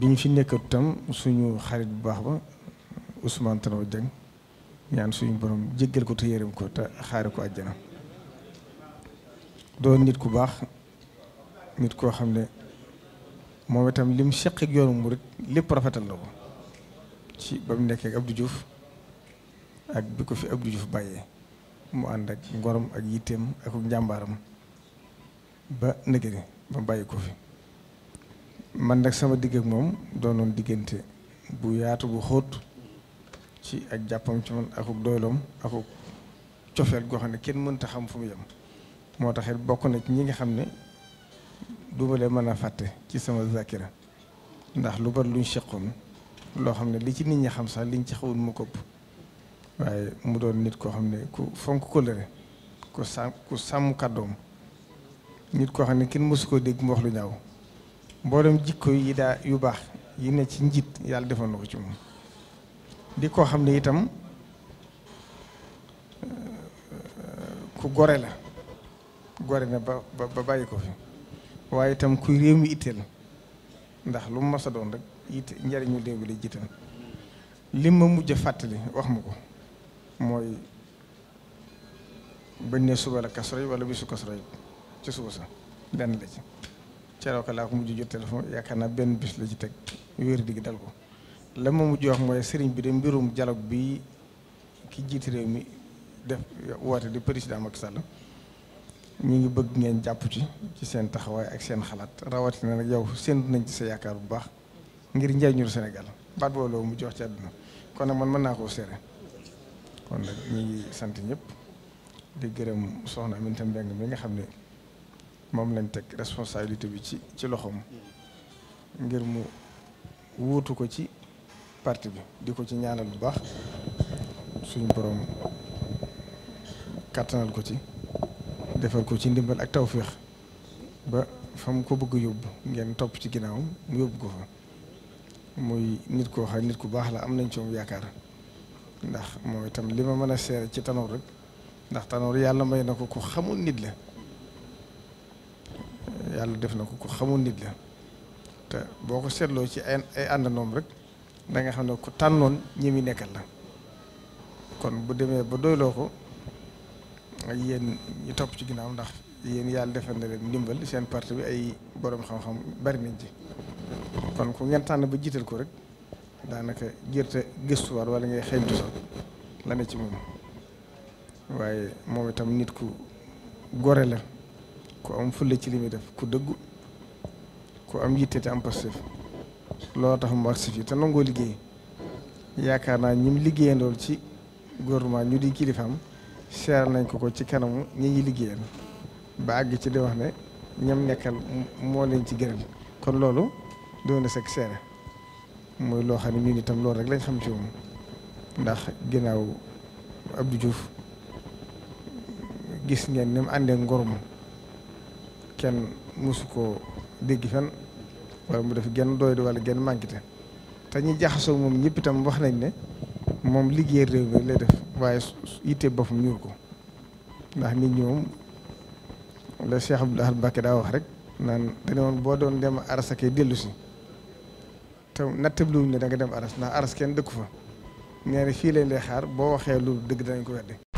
bi ñu fi nekkat tam suñu xarit bu baax ba Ousmane Tanor Dieng ñaan suñu borom jéggal ko te yërëm ko te xaari ko àjjana doon nit ku baax nit koo xam ne moom itam lim seq ak yoonu murit lépp rafetal na ko ci ba mu nekkee ak Abdou Diouf ak bi ko fi Abdou Diouf bàyyee mu ànd ak ngorom ak yitteem ak njàmbaaram ba nëgëri ba bàyyi ko fi man nag sama digg ak moom doonoon diggante bu yaatu bu xóot ci ak jàppam ci man akuk doyloom akuk cofeel goo xam ne kenn mënta xam fu mu yem moo tax it bokk na ci ñi nga xam ne duma leen mën a fàtte ci sama zakira ndax lu bari luñ seqoon loo xam ne li ci nit ñi xam sax liñ ci xawul mu këpp waaye mu doon nit koo xam ne ku fonk kóllëre ku sàmm ku sàmm kàddoom nit koo xam ne kenn mësu koo dégg mu wax lu ñaaw mboolem jikko yi daa yu baax yi ne ci njiit yàlla defal na ko ci moom di koo xam ne itam euh, ku gore la gore na ba ba bàyyi ko fi waaye itam kuy réew mi itteel ndax lu mu mës doon rek it njariñu déew bi la jiital li ma mujj a fàttali wax ma ko mooy bañ ne suba la kasro yi wala bisu kasro ci suba sax lenn la ci ceroo ko laa ko mujj jot téléphone yaakaar naa benn bis la ci teg wéer digg dal ko la ma mujj wax mooy sëriñ bi de mbirum dialogue bi ki jiite réew mi def woote di président Macky Sall ñu ngi bëgg ngeen jàpp ci ci seen taxawaay ak seen xalaat rawatina nag yow séntu nañ ci sa yaakaar bu baax ngir njëriñu Sénégal baat boobu mu mujj wax ci àdduna kon nag man mën naa koo seere kon nag ñu ngi sant ñëpp di gërëm soxna Aminata Mbengue mi nga xam ne. moom lañ teg responsabilité bi ci ci loxoom ngir mu wuutu ko ci parti bi di ko ci ñaanal bu baax suñu borom kàttanal ko ci defal ko ci ndimbal ak tawféex ba fa mu ko bëgg yóbbu ngeen topp ci ginnaaw mu yóbbu ko fa muy nit koo xam nit ku baax la am nañ ci yaakaar ndax moom itam li ma mën a seere ci tanoor rek ndax tanoor yàlla may na ko ko xamul nit la yàlla def na ko ku xamul nit la te boo ko seetloo ci ay ay àndandoom rek da nga xam ne ku tànnoon ñi muy nekkal la kon bu demee ba doyloo ko ak yéen ñu topp ci ginnaaw ndax yéen yàlla defal na leen ndimbal seen parti bi ay boroom xam-xam bari nañ ci kon ku ngeen ba jiital ko rek daanaka gerte gëstuwaat wala ngay xeeñtu sax la ne ci moom waaye moom itam nit ku gore la. ku am fulla ci li muy def ku dëggu ku am yitte te am pastef loolu tax mu agsi fii te nangoo liggéey yaakaar naa ñim liggéeyandool ci gouvernement ñu di kilifaam seeral nañ ko ko ci kanamu ñi ñi liggéeyan ba àgg ci di wax ne ñam nekkal moo leen ci gëral kon loolu doon na sekk seere mooy loo xam ne ñun tam loolu rek lañ xam ci moom ndax ginnaaw Abdou gis ngeen ni mu àndee ngorum kenn mosu ko dégg fan walla mu def genn doy di wala genn mànkite te ñi jaxasoo moom ñëpp itam wax nañ ne moom liggéey réew mi lay def waaye yitte boppam ñuul ko ndax nit ñi moom la Cheikh Abdoul Ahad Mbacké daa wax rek naan dane woon boo doon dem aras akay dellu si te nattabliwuñ ne da nga dem aras ndax aras kenn dëkku fa nee na fii lañ lay xaar boo waxee lu dëgg danañ ko wedde